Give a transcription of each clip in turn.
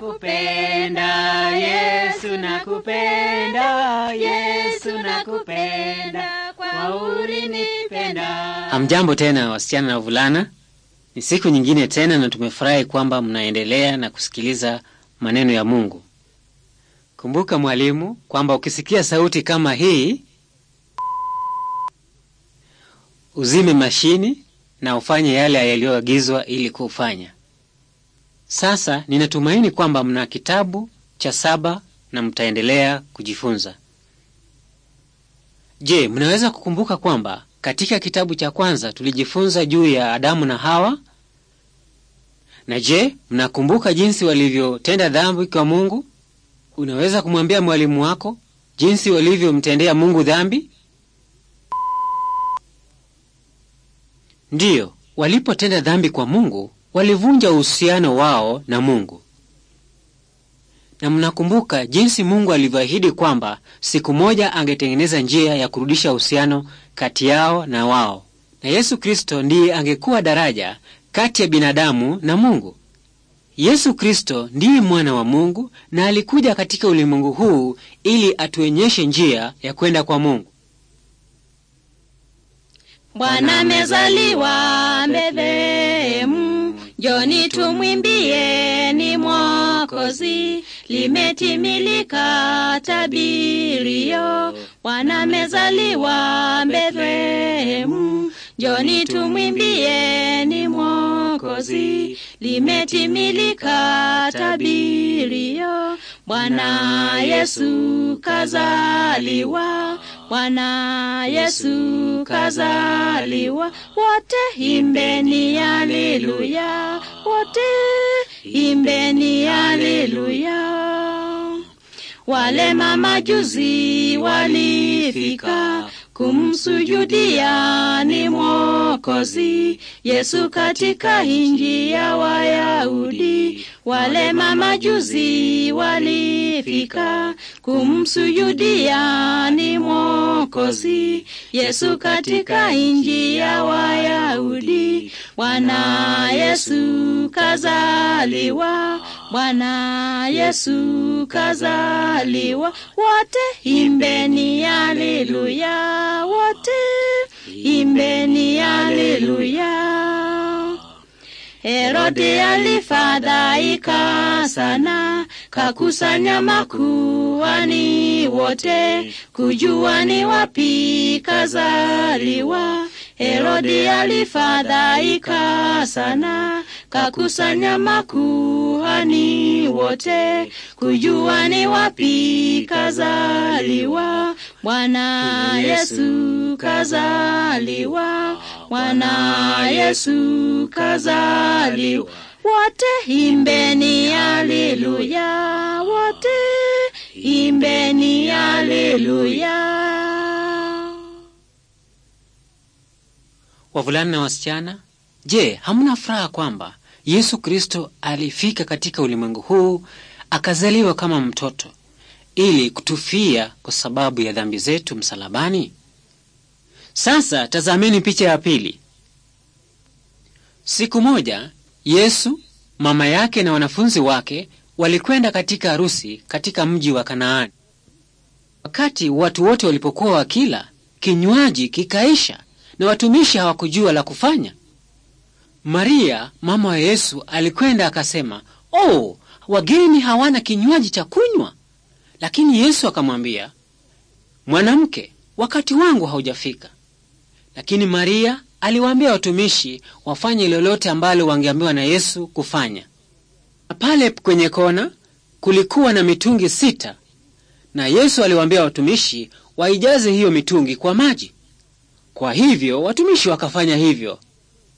nakupenda, Yesu nakupenda, Yesu nakupenda, kwa ulinipenda. Hamjambo tena wasichana na wavulana, ni siku nyingine tena na tumefurahi kwamba mnaendelea na kusikiliza maneno ya Mungu. Kumbuka mwalimu kwamba ukisikia sauti kama hii uzime mashini na ufanye yale yaliyoagizwa ili kufanya. Sasa ninatumaini kwamba mna kitabu cha saba na mtaendelea kujifunza. Je, mnaweza kukumbuka kwamba katika kitabu cha kwanza tulijifunza juu ya Adamu na Hawa? Na je, mnakumbuka jinsi walivyotenda dhambi kwa Mungu? Unaweza kumwambia mwalimu wako jinsi walivyomtendea Mungu dhambi? Ndiyo, walipotenda dhambi kwa Mungu, walivunja uhusiano wao na Mungu. Na mnakumbuka jinsi Mungu alivyoahidi kwamba siku moja angetengeneza njia ya kurudisha uhusiano kati yao na wao, na Yesu Kristo ndiye angekuwa daraja kati ya binadamu na Mungu. Yesu Kristo ndiye mwana wa Mungu na alikuja katika ulimwengu huu ili atuonyeshe njia ya kwenda kwa Mungu. Bwana amezaliwa Bethlehemu. Joni tumwimbie ni Mwokozi, limetimilika tabirio, Bwana amezaliwa Bethlehemu. Joni tumwimbie ni Mwokozi, limetimilika tabirio, Bwana Yesu kazaliwa Bwana Yesu kazaliwa, wote imbeni haleluya, wote imbeni haleluya. Wale mama juzi walifika kumsujudia ni Mwokozi Yesu katika inji ya Wayahudi. Wale mamajuzi walifika kumsujudia ni Mwokozi Yesu katika inji ya Wayahudi. Bwana Yesu kazaliwa Bwana Yesu kazaliwa, wote imbeni haleluya, wote imbeni haleluya. Herode alifadhaika sana, kakusanya makuani wote kujua ni wapi kazaliwa. Herode alifadhaika sana kakusanya makuhani wote kujua ni wapi kazaliwa Bwana Yesu kazaliwa, Bwana Yesu kazaliwa. Wote imbeni aleluya, wote imbeni aleluya. Wavulana na wasichana Je, hamna furaha kwamba Yesu Kristo alifika katika ulimwengu huu akazaliwa kama mtoto ili kutufia kwa sababu ya dhambi zetu msalabani? Sasa tazameni picha ya pili. Siku moja Yesu, mama yake na wanafunzi wake walikwenda katika harusi katika mji wa Kanaani. Wakati watu wote walipokuwa wakila, kinywaji kikaisha na watumishi hawakujua la kufanya, Maria mama wa Yesu alikwenda akasema, oh, wageni hawana kinywaji cha kunywa. Lakini Yesu akamwambia, mwanamke, wakati wangu haujafika. Lakini Maria aliwaambia watumishi wafanye lolote ambalo wangeambiwa na Yesu kufanya. Na pale kwenye kona kulikuwa na mitungi sita, na Yesu aliwaambia watumishi waijaze hiyo mitungi kwa maji. Kwa hivyo watumishi wakafanya hivyo,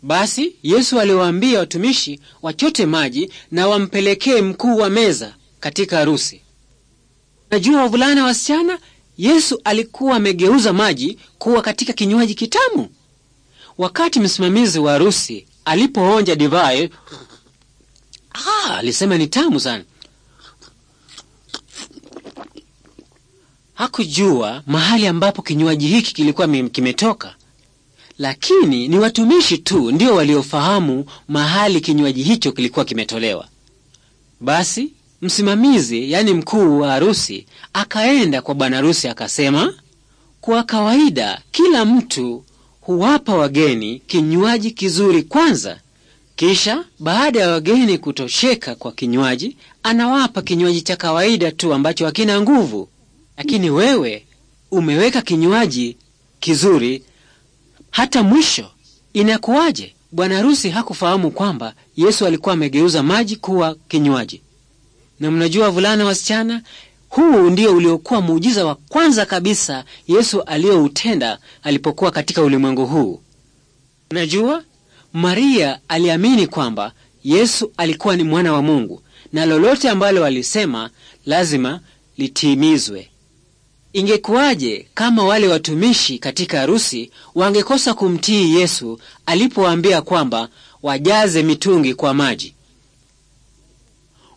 basi Yesu aliwaambia watumishi wachote maji na wampelekee mkuu wa meza katika harusi. Najua wavulana wasichana, Yesu alikuwa amegeuza maji kuwa katika kinywaji kitamu. Wakati msimamizi wa harusi alipoonja divai, ah, alisema ni tamu sana. Hakujua mahali ambapo kinywaji hiki kilikuwa kimetoka lakini ni watumishi tu ndio waliofahamu mahali kinywaji hicho kilikuwa kimetolewa. Basi msimamizi, yaani mkuu wa harusi, akaenda kwa bwana harusi akasema, kwa kawaida kila mtu huwapa wageni kinywaji kizuri kwanza, kisha baada ya wageni kutosheka kwa kinywaji, anawapa kinywaji cha kawaida tu ambacho hakina nguvu. Lakini wewe umeweka kinywaji kizuri hata mwisho inakuwaje? Bwana harusi hakufahamu kwamba Yesu alikuwa amegeuza maji kuwa kinywaji. Na mnajua vulana wasichana, huu ndio uliokuwa muujiza wa kwanza kabisa Yesu aliyoutenda alipokuwa katika ulimwengu huu. Najua Maria aliamini kwamba Yesu alikuwa ni mwana wa Mungu na lolote ambalo alisema lazima litimizwe. Ingekuwaje kama wale watumishi katika harusi wangekosa kumtii Yesu alipowaambia kwamba wajaze mitungi kwa maji?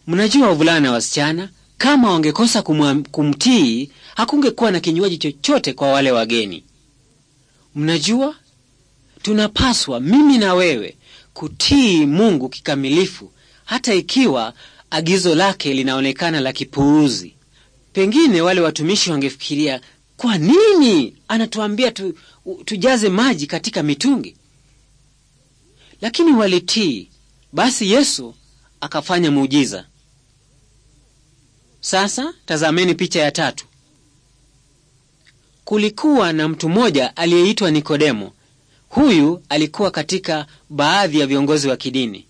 Mnajua wavulana, wasichana, kama wangekosa kumtii, hakungekuwa na kinywaji chochote kwa wale wageni. Mnajua, tunapaswa mimi na wewe kutii Mungu kikamilifu, hata ikiwa agizo lake linaonekana la kipuuzi. Pengine wale watumishi wangefikiria kwa nini anatuambia tu, tujaze maji katika mitungi? Lakini walitii. Basi Yesu akafanya muujiza. Sasa tazameni picha ya tatu. Kulikuwa na mtu mmoja aliyeitwa Nikodemo. Huyu alikuwa katika baadhi ya viongozi wa kidini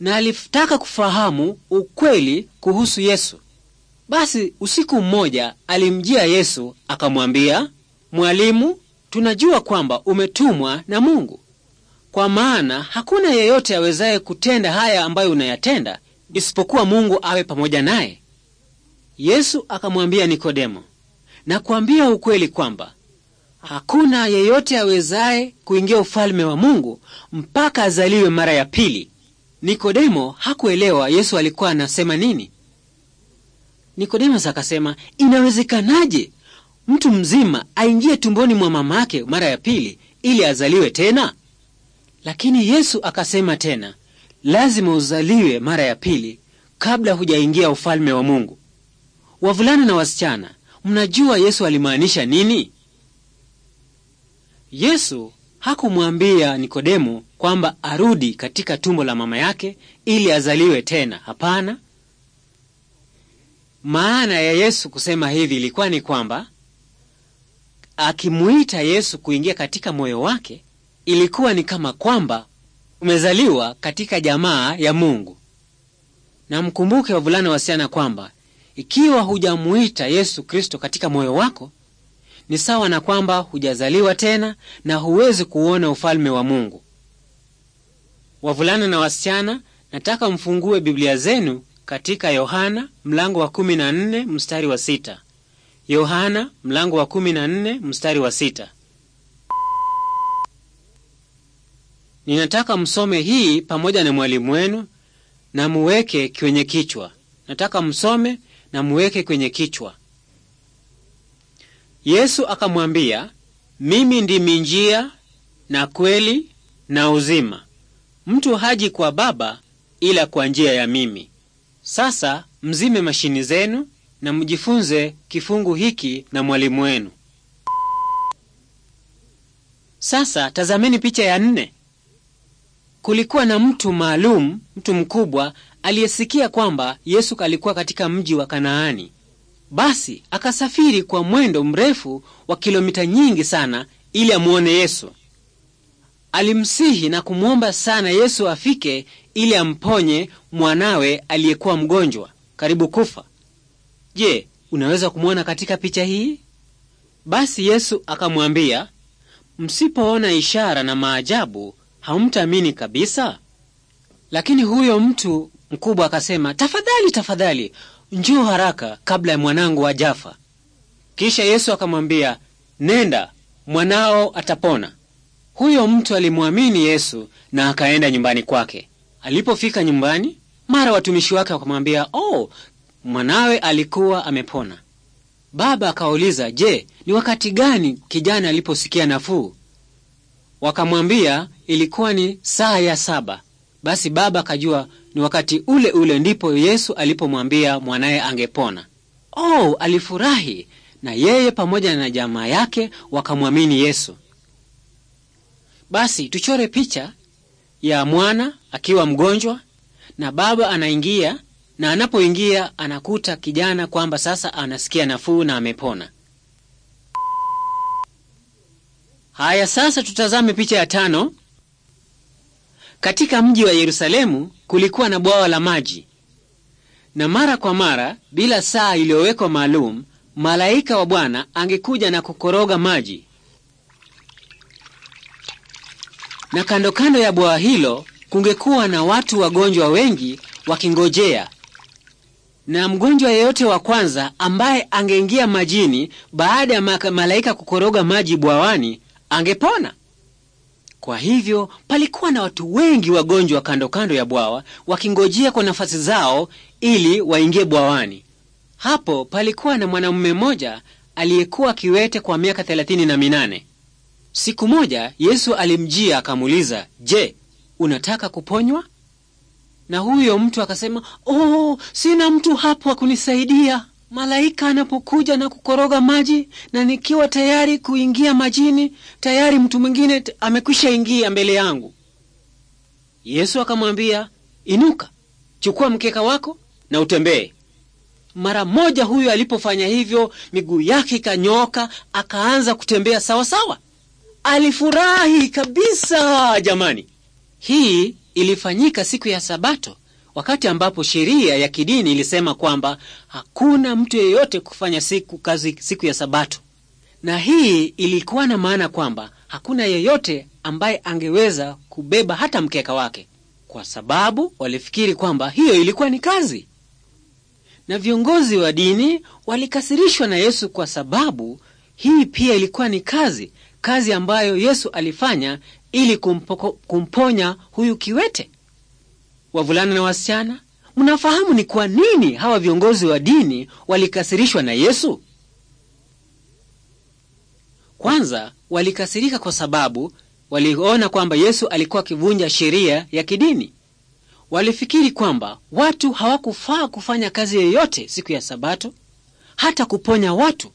na alitaka kufahamu ukweli kuhusu Yesu. Basi usiku mmoja alimjia Yesu akamwambia, Mwalimu, tunajua kwamba umetumwa na Mungu, kwa maana hakuna yeyote awezaye kutenda haya ambayo unayatenda isipokuwa Mungu awe pamoja naye. Yesu akamwambia Nikodemo, nakuambia ukweli kwamba hakuna yeyote awezaye kuingia ufalme wa Mungu mpaka azaliwe mara ya pili. Nikodemo hakuelewa Yesu alikuwa anasema nini nikodemos akasema, inawezekanaje mtu mzima aingie tumboni mwa mamake mara ya pili ili azaliwe tena? Lakini Yesu akasema tena, lazima uzaliwe mara ya pili kabla hujaingia ufalme wa Mungu. Wavulana na wasichana, mnajua Yesu alimaanisha nini? Yesu hakumwambia Nikodemo kwamba arudi katika tumbo la mama yake ili azaliwe tena. Hapana, maana ya Yesu kusema hivi ilikuwa ni kwamba akimuita Yesu kuingia katika moyo wake, ilikuwa ni kama kwamba umezaliwa katika jamaa ya Mungu. Na mkumbuke wavulana, wasichana, kwamba ikiwa hujamuita Yesu Kristo katika moyo wako, ni sawa na kwamba hujazaliwa tena na huwezi kuona ufalme wa Mungu. Wavulana na wasichana, nataka mfungue Biblia zenu katika Yohana mlango wa 14 mstari wa sita. Yohana mlango wa 14 mstari wa sita. Ninataka msome hii pamoja na mwalimu wenu na muweke kwenye kichwa. Nataka msome na muweke kwenye kichwa. Yesu akamwambia, mimi ndimi njia na kweli na uzima, mtu haji kwa Baba ila kwa njia ya mimi. Sasa mzime mashini zenu na mjifunze kifungu hiki na mwalimu wenu. Sasa tazameni picha ya nne. Kulikuwa na mtu maalum, mtu mkubwa aliyesikia kwamba Yesu alikuwa katika mji wa Kanaani. Basi akasafiri kwa mwendo mrefu wa kilomita nyingi sana ili amwone Yesu. Alimsihi na kumwomba sana Yesu afike ili amponye mwanawe aliyekuwa mgonjwa karibu kufa. Je, unaweza kumwona katika picha hii? Basi Yesu akamwambia, msipoona ishara na maajabu hamtaamini kabisa. Lakini huyo mtu mkubwa akasema, tafadhali tafadhali, njoo haraka kabla ya mwanangu ajafa. Kisha Yesu akamwambia, nenda, mwanao atapona. Huyo mtu alimwamini Yesu na akaenda nyumbani kwake. Alipofika nyumbani, mara watumishi wake wakamwambia, oh, mwanawe alikuwa amepona. Baba akauliza, je, ni wakati gani kijana aliposikia nafuu? Wakamwambia ilikuwa ni saa ya saba. Basi baba akajua ni wakati ule ule ndipo Yesu alipomwambia mwanaye angepona. Oh, alifurahi na yeye pamoja na jamaa yake wakamwamini Yesu. Basi tuchore picha ya mwana akiwa mgonjwa na baba anaingia na anapoingia anakuta kijana kwamba sasa anasikia nafuu na amepona. Haya, sasa tutazame picha ya tano. Katika mji wa Yerusalemu kulikuwa na bwawa la maji, na mara kwa mara, bila saa iliyowekwa maalum, malaika wa Bwana angekuja na kukoroga maji na kando kando ya bwawa hilo kungekuwa na watu wagonjwa wengi wakingojea, na mgonjwa yeyote wa kwanza ambaye angeingia majini baada ya malaika kukoroga maji bwawani angepona. Kwa hivyo palikuwa na watu wengi wagonjwa kando kando ya bwawa wakingojea kwa nafasi zao ili waingie bwawani. Hapo palikuwa na mwanamume mmoja aliyekuwa kiwete kwa miaka thelathini na minane. Siku moja Yesu alimjia akamuuliza, je, unataka kuponywa? Na huyo mtu akasema, oh, sina mtu hapo wa kunisaidia. Malaika anapokuja na kukoroga maji na nikiwa tayari kuingia majini, tayari mtu mwingine amekwisha ingia mbele yangu. Yesu akamwambia, inuka, chukua mkeka wako na utembee. Mara moja huyo alipofanya hivyo, miguu yake ikanyooka, akaanza kutembea sawasawa sawa. Alifurahi kabisa jamani. Hii ilifanyika siku ya Sabato, wakati ambapo sheria ya kidini ilisema kwamba hakuna mtu yeyote kufanya siku kazi siku ya Sabato, na hii ilikuwa na maana kwamba hakuna yeyote ambaye angeweza kubeba hata mkeka wake, kwa sababu walifikiri kwamba hiyo ilikuwa ni kazi. Na viongozi wa dini walikasirishwa na Yesu kwa sababu hii pia ilikuwa ni kazi kazi ambayo Yesu alifanya ili kumpoko, kumponya huyu kiwete. Wavulana na wasichana, mnafahamu ni kwa nini hawa viongozi wa dini walikasirishwa na Yesu? Kwanza, walikasirika kwa sababu waliona kwamba Yesu alikuwa akivunja sheria ya kidini. Walifikiri kwamba watu hawakufaa kufanya kazi yoyote siku ya Sabato, hata kuponya watu.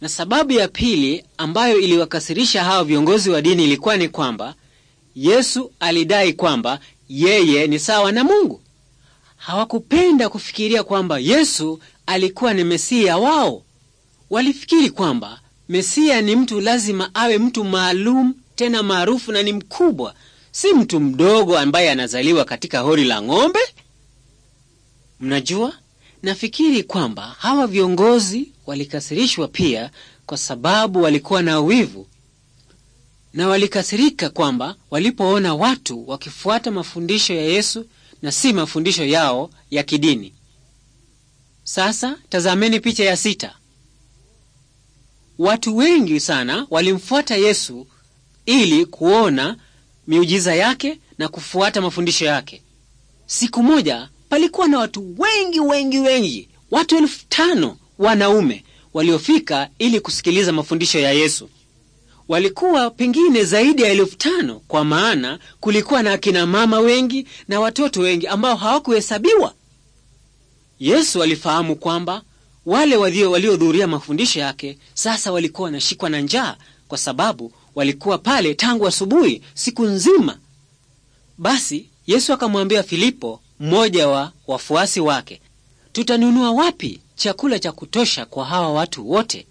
Na sababu ya pili ambayo iliwakasirisha hao viongozi wa dini ilikuwa ni kwamba Yesu alidai kwamba yeye ni sawa na Mungu. Hawakupenda kufikiria kwamba Yesu alikuwa ni mesiya wao. Walifikiri kwamba mesiya ni mtu lazima awe mtu maalum tena maarufu na ni mkubwa, si mtu mdogo ambaye anazaliwa katika hori la ng'ombe. Mnajua, Nafikiri kwamba hawa viongozi walikasirishwa pia kwa sababu walikuwa na wivu na walikasirika kwamba walipoona watu wakifuata mafundisho ya Yesu na si mafundisho yao ya kidini. Sasa tazameni picha ya sita. Watu wengi sana walimfuata Yesu ili kuona miujiza yake na kufuata mafundisho yake. Siku moja palikuwa na watu wengi wengi wengi, watu elfu tano wanaume waliofika ili kusikiliza mafundisho ya Yesu. Walikuwa pengine zaidi ya elfu tano kwa maana kulikuwa na akina mama wengi na watoto wengi ambao hawakuhesabiwa. Yesu alifahamu kwamba wale waliohudhuria mafundisho yake sasa walikuwa wanashikwa na njaa, kwa sababu walikuwa pale tangu asubuhi siku nzima. Basi Yesu akamwambia Filipo, mmoja wa wafuasi wake, tutanunua wapi chakula cha kutosha kwa hawa watu wote?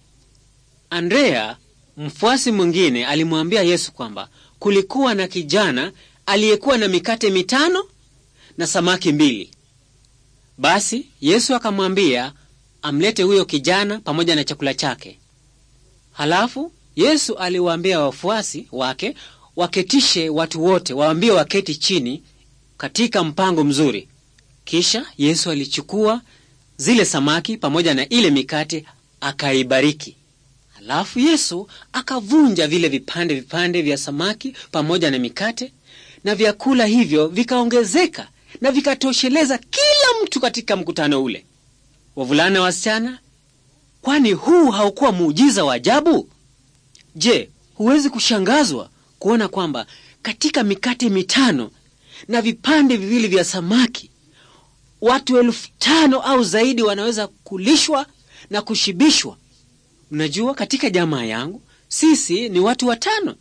Andrea, mfuasi mwingine, alimwambia Yesu kwamba kulikuwa na kijana aliyekuwa na mikate mitano na samaki mbili. Basi Yesu akamwambia amlete huyo kijana pamoja na chakula chake. Halafu Yesu aliwaambia wafuasi wake waketishe watu wote, waambie waketi chini katika mpango mzuri. Kisha Yesu alichukua zile samaki pamoja na ile mikate akaibariki. Alafu Yesu akavunja vile vipande vipande vya samaki pamoja na mikate, na vyakula hivyo vikaongezeka na vikatosheleza kila mtu katika mkutano ule, wavulana, wasichana. Kwani huu haukuwa muujiza wa ajabu? Je, huwezi kushangazwa kuona kwamba katika mikate mitano na vipande viwili vya samaki, watu elfu tano au zaidi wanaweza kulishwa na kushibishwa. Mnajua, katika jamaa yangu sisi ni watu watano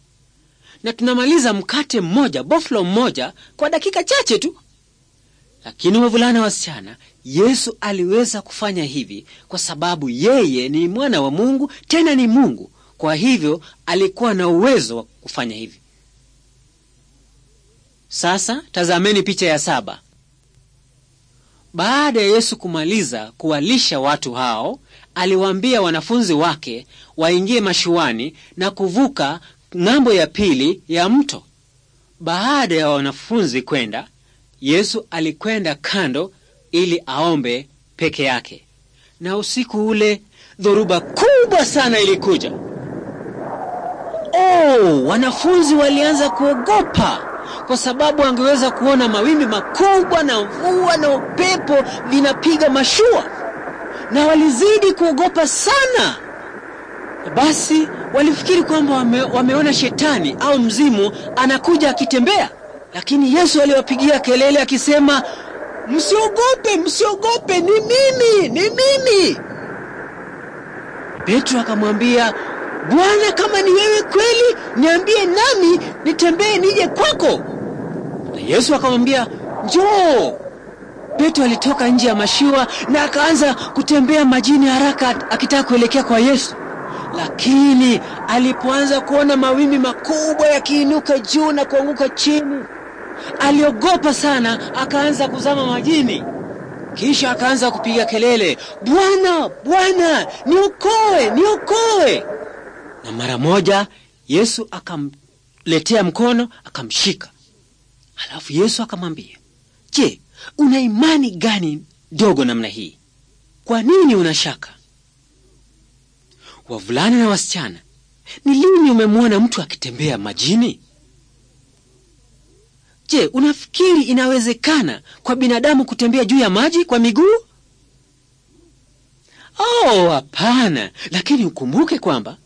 na tunamaliza mkate mmoja, boflo mmoja kwa dakika chache tu. Lakini wavulana, wasichana, Yesu aliweza kufanya hivi kwa sababu yeye ni mwana wa Mungu, tena ni Mungu. Kwa hivyo alikuwa na uwezo wa kufanya hivi. Sasa tazameni picha ya saba. Baada ya Yesu kumaliza kuwalisha watu hao, aliwaambia wanafunzi wake waingie mashuani na kuvuka ng'ambo ya pili ya mto. Baada ya wanafunzi kwenda, Yesu alikwenda kando ili aombe peke yake. Na usiku ule dhoruba kubwa sana ilikuja. Oh, wanafunzi walianza kuogopa kwa sababu angeweza kuona mawimbi makubwa na mvua na upepo vinapiga mashua, na walizidi kuogopa sana. Basi walifikiri kwamba wame, wameona shetani au mzimu anakuja akitembea, lakini Yesu aliwapigia kelele akisema, msiogope, msiogope, ni mimi, ni mimi. Petro akamwambia, Bwana, kama ni wewe kweli, niambie nami nitembee nije kwako. Yesu akamwambia njoo. Petro alitoka nje ya mashua na akaanza kutembea majini haraka akitaka kuelekea kwa Yesu, lakini alipoanza kuona mawimbi makubwa yakiinuka juu na kuanguka chini, aliogopa sana, akaanza kuzama majini. Kisha akaanza kupiga kelele, Bwana, Bwana, niokoe, niokoe! Na mara moja Yesu akamletea mkono, akamshika. Alafu Yesu akamwambia, je, una imani gani dogo namna hii? Kwa nini unashaka Wavulana na wasichana, ni lini umemwona mtu akitembea majini? Je, unafikiri inawezekana kwa binadamu kutembea juu ya maji kwa miguu? Oh, hapana. Lakini ukumbuke kwamba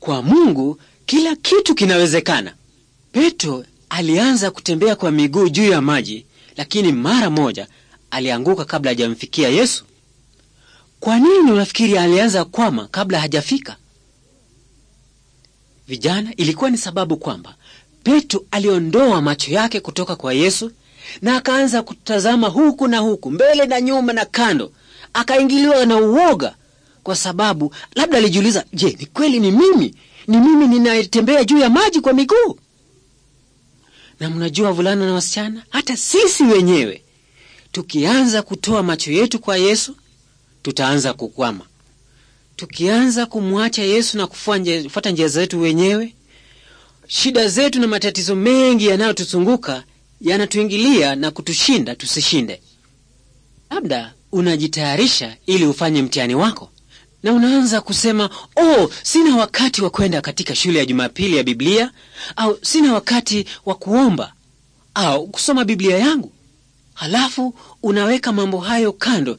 kwa Mungu kila kitu kinawezekana. Petro Alianza kutembea kwa miguu juu ya maji, lakini mara moja alianguka kabla hajamfikia Yesu. Kwa nini unafikiri alianza kwama kabla hajafika? Vijana, ilikuwa ni sababu kwamba Petro aliondoa macho yake kutoka kwa Yesu na akaanza kutazama huku na huku, mbele na nyuma na kando. Akaingiliwa na uoga, kwa sababu labda alijiuliza, je, ni kweli ni mimi? Ni mimi ninayetembea juu ya maji kwa miguu? Na mnajua vulana na wasichana, hata sisi wenyewe tukianza kutoa macho yetu kwa Yesu tutaanza kukwama. Tukianza kumwacha Yesu na kufuata njia zetu wenyewe, shida zetu na matatizo mengi yanayotuzunguka yanatuingilia na kutushinda tusishinde. Labda unajitayarisha ili ufanye mtihani wako, na unaanza kusema oh, sina wakati wa kwenda katika shule ya Jumapili ya Biblia, au sina wakati wa kuomba au kusoma Biblia yangu. Halafu unaweka mambo hayo kando,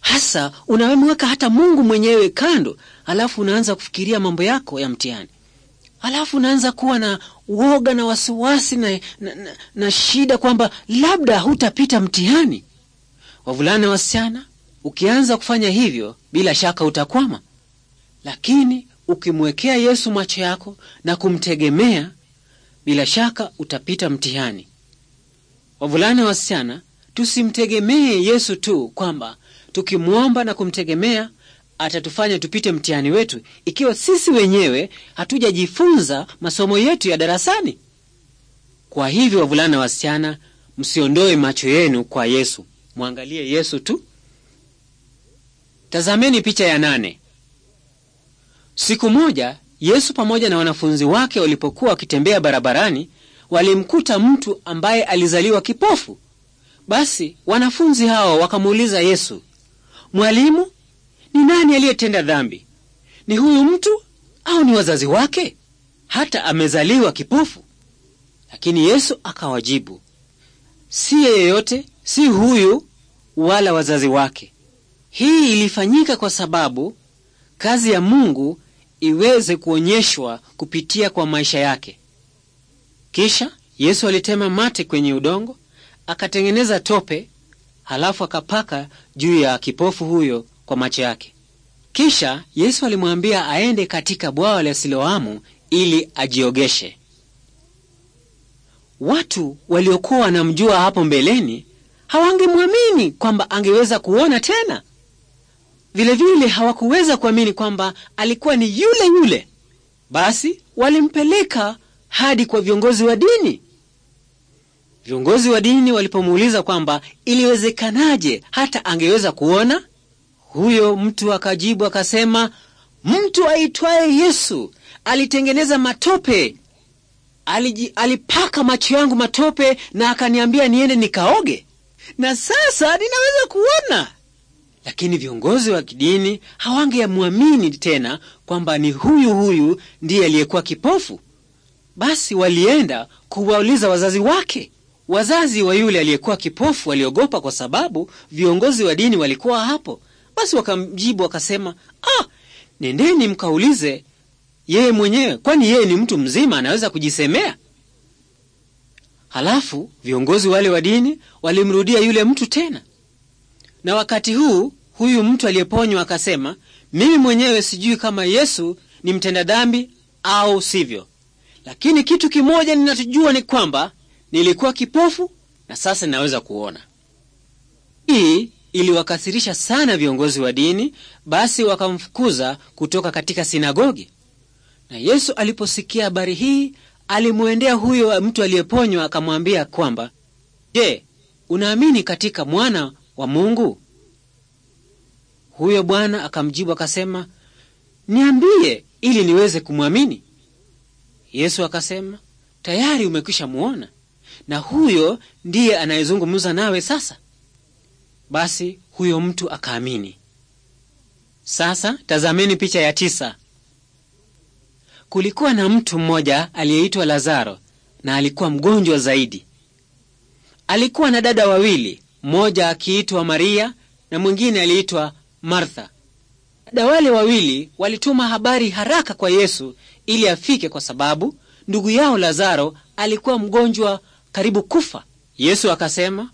hasa unamweka hata Mungu mwenyewe kando, halafu unaanza kufikiria mambo yako ya mtihani, halafu unaanza kuwa na woga na wasiwasi na, na, na, na shida kwamba labda hutapita mtihani. Wavulana, wasichana Ukianza kufanya hivyo, bila shaka utakwama, lakini ukimwekea Yesu macho yako na kumtegemea, bila shaka utapita mtihani. Wavulana, wasichana, tusimtegemee Yesu tu kwamba tukimwomba na kumtegemea atatufanya tupite mtihani wetu, ikiwa sisi wenyewe hatujajifunza masomo yetu ya darasani. Kwa hivyo, wavulana, wasichana, msiondoe macho yenu kwa Yesu, mwangalie Yesu tu. Tazameni picha ya nane. Siku moja Yesu pamoja na wanafunzi wake walipokuwa wakitembea barabarani, walimkuta mtu ambaye alizaliwa kipofu. Basi wanafunzi hao wakamuuliza Yesu, Mwalimu, ni nani aliyetenda dhambi, ni huyu mtu au ni wazazi wake, hata amezaliwa kipofu? Lakini Yesu akawajibu, si yeyote, si huyu wala wazazi wake hii ilifanyika kwa sababu kazi ya Mungu iweze kuonyeshwa kupitia kwa maisha yake. Kisha Yesu alitema mate kwenye udongo, akatengeneza tope, halafu akapaka juu ya kipofu huyo kwa macho yake. Kisha Yesu alimwambia aende katika bwawa la Siloamu ili ajiogeshe. Watu waliokuwa wanamjua hapo mbeleni hawangemwamini kwamba angeweza kuona tena. Vilevile hawakuweza kuamini kwamba alikuwa ni yule yule, basi walimpeleka hadi kwa viongozi wa dini. Viongozi wa dini walipomuuliza kwamba iliwezekanaje hata angeweza kuona, huyo mtu akajibu akasema, mtu aitwaye Yesu alitengeneza matope aliji, alipaka macho yangu matope na akaniambia niende nikaoge, na sasa ninaweza kuona lakini viongozi wa kidini hawangeamwamini tena kwamba ni huyu huyu ndiye aliyekuwa kipofu. Basi walienda kuwauliza wazazi wake. Wazazi wa yule aliyekuwa kipofu waliogopa, kwa sababu viongozi wa dini walikuwa hapo. Basi wakamjibu wakasema, ah, nendeni mkaulize yeye mwenyewe, kwani yeye ni mtu mzima, anaweza kujisemea. Halafu viongozi wale wa dini walimrudia yule mtu tena na wakati huu huyu mtu aliyeponywa akasema, mimi mwenyewe sijui kama Yesu ni mtenda dhambi au sivyo, lakini kitu kimoja ninachojua ni kwamba nilikuwa kipofu na sasa ninaweza kuona. Hii iliwakasirisha sana viongozi wa dini, basi wakamfukuza kutoka katika sinagogi. Na Yesu aliposikia habari hii, alimwendea huyo mtu aliyeponywa akamwambia kwamba, je, unaamini katika mwana wa Mungu? Huyo bwana akamjibu akasema, niambie ili niweze kumwamini. Yesu akasema, tayari umekwisha muona, na huyo ndiye anayezungumza nawe sasa. Basi huyo mtu akaamini. Sasa tazameni picha ya tisa. Kulikuwa na mtu mmoja aliyeitwa Lazaro na alikuwa mgonjwa zaidi. Alikuwa na dada wawili mmoja akiitwa Maria na mwingine aliitwa Martha. Dada wale wawili walituma habari haraka kwa Yesu ili afike, kwa sababu ndugu yao Lazaro alikuwa mgonjwa karibu kufa. Yesu akasema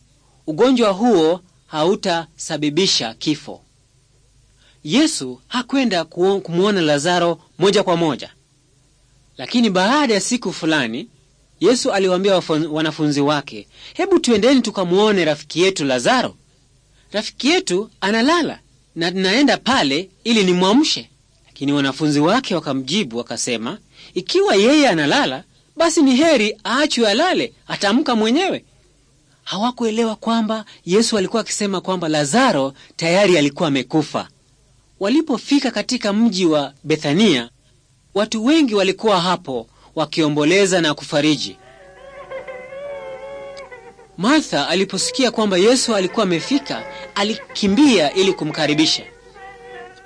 ugonjwa huo hautasababisha kifo. Yesu hakwenda kumwona Lazaro moja kwa moja, lakini baada ya siku fulani Yesu aliwaambia wanafunzi wake, hebu tuendeni tukamwone rafiki yetu Lazaro. Rafiki yetu analala na naenda pale ili nimwamshe. Lakini wanafunzi wake wakamjibu wakasema, ikiwa yeye analala, basi ni heri aachwe alale, ataamka mwenyewe. Hawakuelewa kwamba Yesu alikuwa akisema kwamba Lazaro tayari alikuwa amekufa. Walipofika katika mji wa Bethania, watu wengi walikuwa hapo wakiomboleza na kufariji. Martha aliposikia kwamba Yesu alikuwa amefika, alikimbia ili kumkaribisha.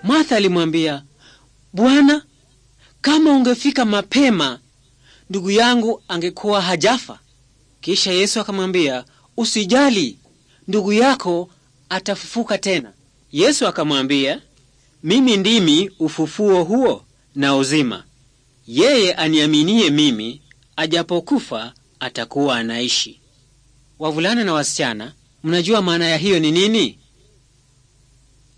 Martha alimwambia, Bwana, kama ungefika mapema, ndugu yangu angekuwa hajafa. Kisha Yesu akamwambia, usijali, ndugu yako atafufuka tena. Yesu akamwambia, mimi ndimi ufufuo huo na uzima. Yeye aniaminie mimi, ajapokufa atakuwa anaishi. Wavulana na wasichana, mnajua maana ya hiyo ni nini?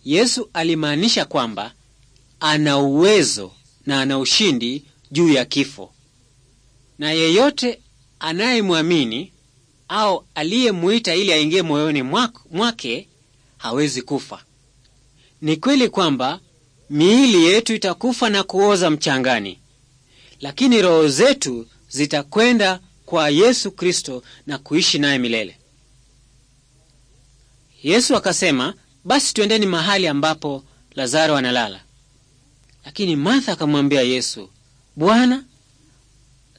Yesu alimaanisha kwamba ana uwezo na ana ushindi juu ya kifo, na yeyote anayemwamini au aliyemwita ili aingie moyoni mwake hawezi kufa. Ni kweli kwamba miili yetu itakufa na kuoza mchangani, lakini roho zetu zitakwenda kwa Yesu Kristo na kuishi naye milele. Yesu akasema, basi twendeni mahali ambapo Lazaro analala. Lakini Martha akamwambia Yesu, Bwana,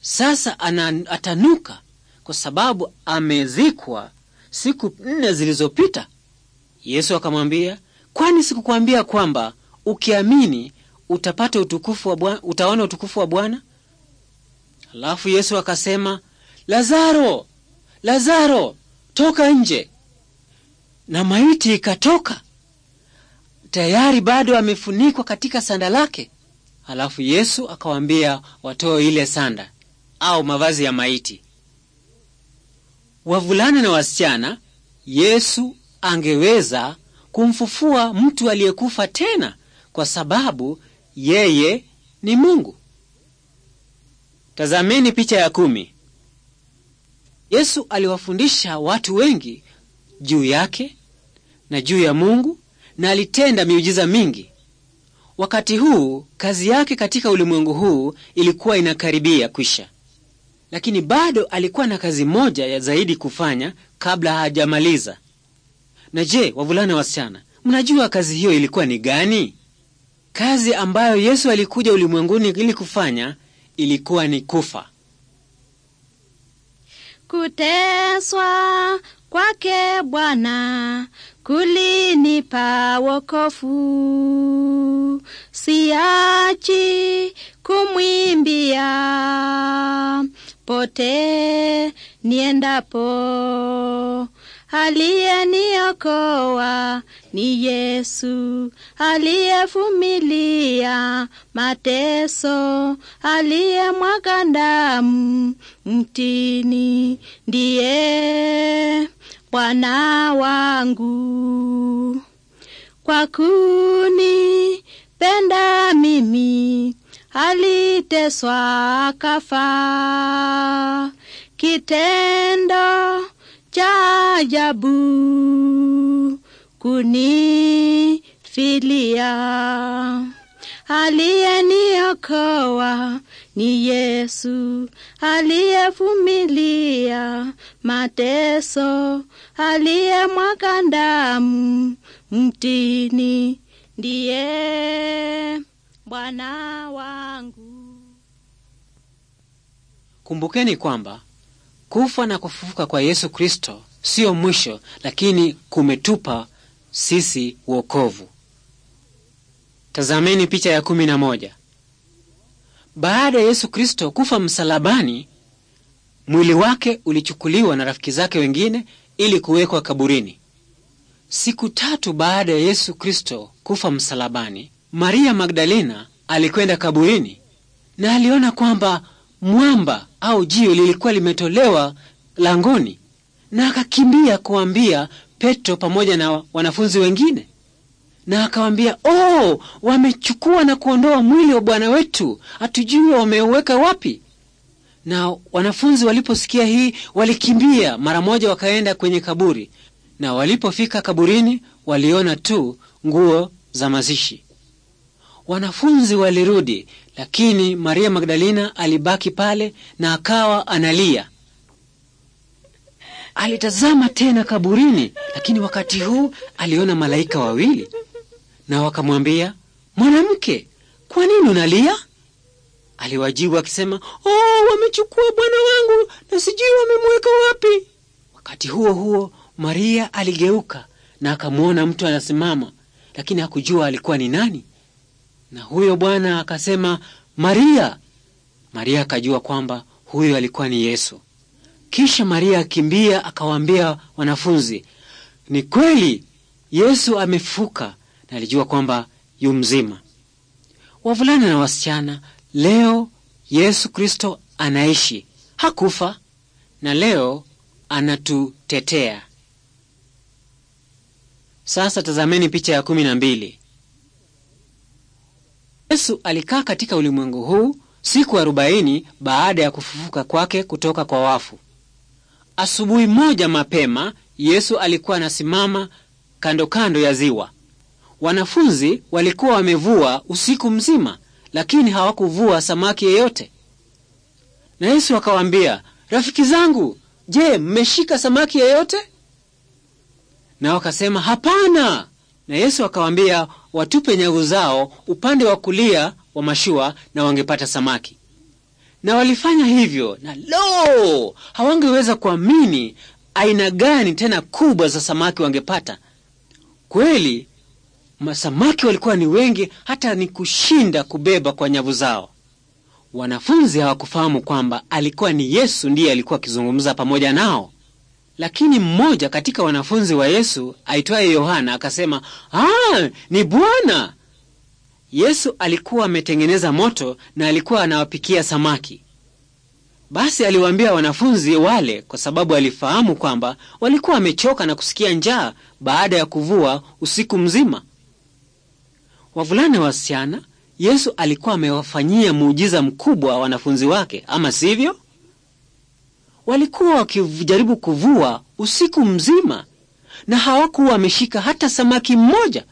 sasa ana, atanuka kwa sababu amezikwa siku nne zilizopita. Yesu akamwambia, kwani sikukwambia kwamba ukiamini utapata utukufu wa Bwana, utaona utukufu wa Bwana? Halafu Yesu akasema, Lazaro, Lazaro, toka nje. Na maiti ikatoka, tayari bado amefunikwa katika sanda lake. Halafu Yesu akawaambia watoe ile sanda au mavazi ya maiti. Wavulana na wasichana, Yesu angeweza kumfufua mtu aliyekufa tena, kwa sababu yeye ni Mungu. Tazameni picha ya kumi. Yesu aliwafundisha watu wengi juu yake na juu ya Mungu na alitenda miujiza mingi. Wakati huu kazi yake katika ulimwengu huu ilikuwa inakaribia kwisha, lakini bado alikuwa na kazi moja ya zaidi kufanya kabla hajamaliza. Na je, wavulana, wasichana, mnajua kazi hiyo ilikuwa ni gani? Kazi ambayo Yesu alikuja ulimwenguni ili kufanya ilikuwa ni kufa. Kuteswa kwake Bwana kulinipa wokofu, siachi kumwimbia pote niendapo aliyeniokoa ni Yesu, aliyevumilia mateso, aliyemwaga damu mtini, ndiye Bwana wangu. Kwa penda mimi, aliteswa akafa. Kitendo ajabu kunifilia. Aliyeniokoa ni Yesu, aliyevumilia mateso, aliyemwaga damu mtini, ndiye Bwana wangu. Kumbukeni kwamba Kufa na kufufuka kwa Yesu Kristo siyo mwisho, lakini kumetupa sisi wokovu. Tazameni picha ya kumi na moja. Baada ya Yesu Kristo kufa msalabani, mwili wake ulichukuliwa na rafiki zake wengine ili kuwekwa kaburini. Siku tatu baada ya Yesu Kristo kufa msalabani, Maria Magdalena alikwenda kaburini na aliona kwamba mwamba au jiwe lilikuwa limetolewa langoni, na akakimbia kuambia Petro pamoja na wanafunzi wengine, na akawambia oh, wamechukua na kuondoa mwili wa Bwana wetu, hatujui wameuweka wapi. Na wanafunzi waliposikia hii walikimbia mara moja, wakaenda kwenye kaburi, na walipofika kaburini waliona tu nguo za mazishi. Wanafunzi walirudi lakini Maria Magdalena alibaki pale na akawa analia. Alitazama tena kaburini, lakini wakati huu aliona malaika wawili, na wakamwambia, mwanamke, kwa nini unalia? Aliwajibu akisema, oh, wamechukua bwana wangu na sijui wamemweka wapi. Wakati huo huo Maria aligeuka na akamwona mtu anasimama, lakini hakujua alikuwa ni nani. Na huyo bwana akasema, Maria. Maria akajua kwamba huyo alikuwa ni Yesu. Kisha Maria akimbia akawaambia wanafunzi, ni kweli Yesu amefuka, na alijua kwamba yu mzima. Wavulana na wasichana, leo Yesu Kristo anaishi, hakufa, na leo anatutetea. Sasa tazameni picha ya kumi na mbili. Yesu alikaa katika ulimwengu huu siku arobaini baada ya kufufuka kwake kutoka kwa wafu. Asubuhi moja mapema, Yesu alikuwa anasimama kando kando ya ziwa. Wanafunzi walikuwa wamevua usiku mzima, lakini hawakuvua samaki yeyote. Na Yesu akawaambia, rafiki zangu, je, mmeshika samaki yeyote? Na wakasema hapana. Na Yesu akawaambia watupe nyavu zao upande wa kulia wa mashua na wangepata samaki. Na walifanya hivyo, na lo, hawangeweza kuamini aina gani tena kubwa za samaki wangepata. Kweli masamaki walikuwa ni wengi, hata ni kushinda kubeba kwa nyavu zao. Wanafunzi hawakufahamu kwamba alikuwa ni Yesu ndiye alikuwa akizungumza pamoja nao. Lakini mmoja katika wanafunzi wa Yesu aitwaye Yohana akasema, ah, ni Bwana. Yesu alikuwa ametengeneza moto na alikuwa anawapikia samaki. Basi aliwaambia wanafunzi wale, kwa sababu alifahamu kwamba walikuwa wamechoka na kusikia njaa baada ya kuvua usiku mzima. Wavulana wasichana, Yesu alikuwa amewafanyia muujiza mkubwa wanafunzi wake, ama sivyo? walikuwa wakijaribu kuvua usiku mzima na hawakuwa wameshika hata samaki mmoja.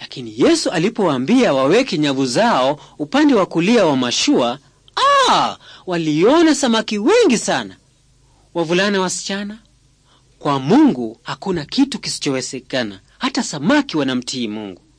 Lakini Yesu alipowaambia waweke nyavu zao upande wa kulia wa mashua, aa, ah, waliona samaki wengi sana. Wavulana, wasichana, kwa Mungu hakuna kitu kisichowezekana. Hata samaki wanamtii Mungu.